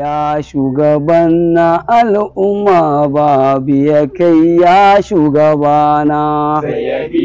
ya shugaban na al'umma ba, biya kai ya shugabana. Sai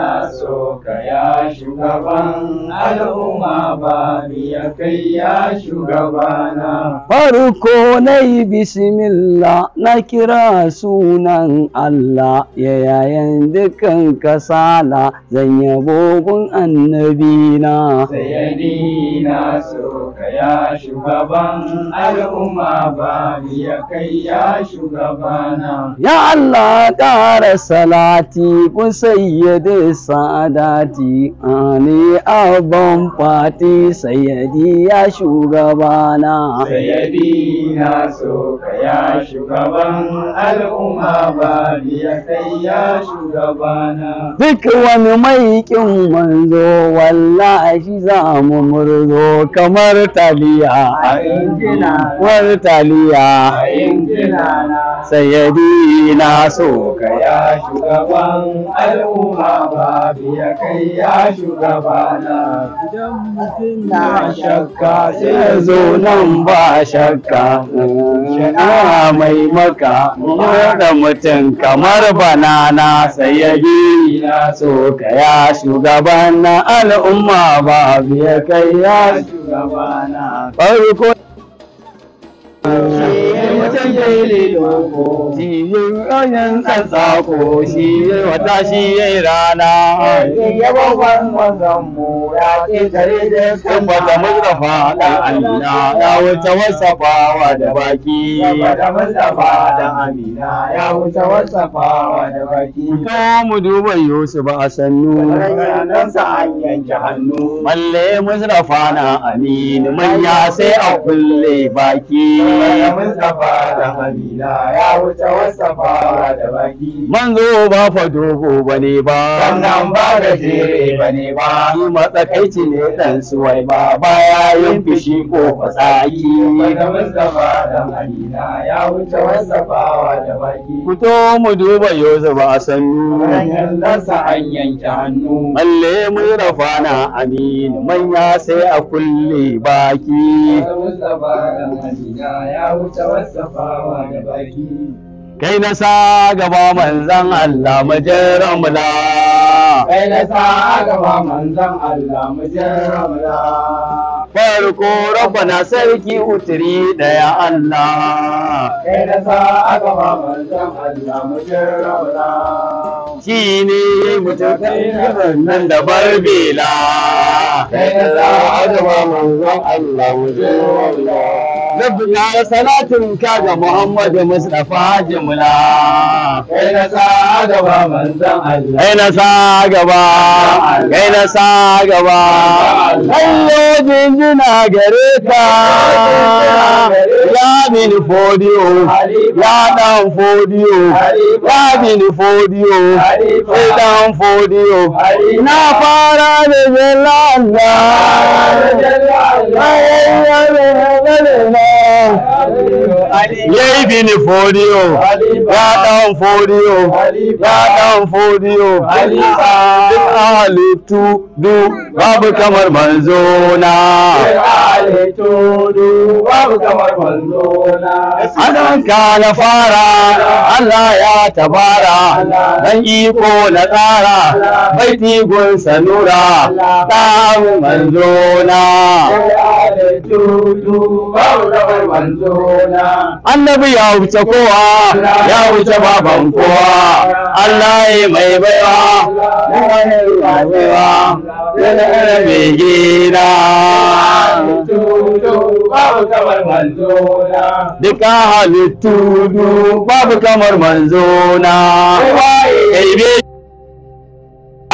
Muna so ka ya shugaban al'umma ba biya kai ya shugabana. Farko na yi bismillah na kira sunan Allah ya yayan dukan kasala zan yabo gun annabina. Sayyadina so ka ya shugaban al'umma ba biya kai ya shugabana. Ya Allah ƙara salati kun sayyade sadati ani abban fati sayyadi ya shugabana sayyadi na so ya shugaban al'umma ba ya kai ya shugabana duk wani mai kin manzo wallahi za mu murzo kamar taliya a war taliya a injina na sayyadi na so ya shugaban al'umma Ba biya kai ya na. idan mutum na shakka sai zo nan ba shakka shana mai maka da mutum kamar banana sai ya bi na so ka ya shugabana al'umma babiya kai ya shugabana farko daidai doko shi shi shi yi rana ya babban wannan mu ya mustafa amina ya wuce da baki amina ya wuce da baki mu duba yusuf a hannu malle na amina manya sai a kulle baki mustafa da ya wuce wasafa da baki manzo ba fa dogo ba ne ba sannan ba da jere ba shi matsakaici ne dan suwai ba baya yin fushi ko fasaki da mustafa da hamila ya wuce wasafa da baki fito mu duba ba a sannu hanyarsa an yanke hannu mun mu na amin manya sai a kulle baki mustafa da hamila ya wuce wasafa da baki kai na sa gaba manzan Allah majin ramla kai na sa gaba manzan Allah majin ramla farko na sarki uturi daya Allah kai na sa gaba manzan Allah majin ramla shi ne mutakai kai nan da barbela kai na sa gaba manzan Allah majin ramla rabbina salatin ka ga Muhammad Mustafa Hajimula kai na sa gaba manzon Allah kai na sa gaba kai na sa gaba Allah jinjina gare ka ya min fodiyo ya dan fodiyo ya min fodiyo sai dan fodiyo na fara da jalalla yéé bi ni fódíò wá dáhùn fodiyo? wá dáhùn fódíò halittu du babu kamar manzo na halittu du babu kamar manzo adanka na fara Allah ya tabara dan iko na tsara baiti gun sanura ta na. annabi ya wuce kowa ya wuce baban kowa Allah ya mai baiwa mai baiwa mai gina kamar manzona duka halittu du babu kamar manzona aibe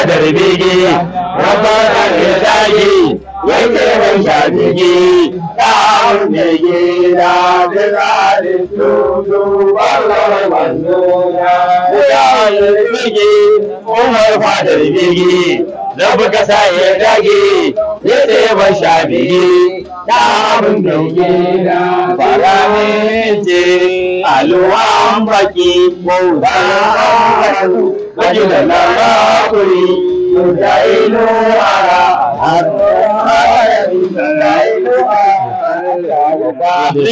da rubege rabbana ya dage yake ran shafige ta ne gida da halittu du babu kamar manzona birgi umar fadar birgi rabu kasa ya dage ya tsaye ba sha bigi da abin dauke da faramince aluwan baki mauta wajen da lakuri da ilo ara a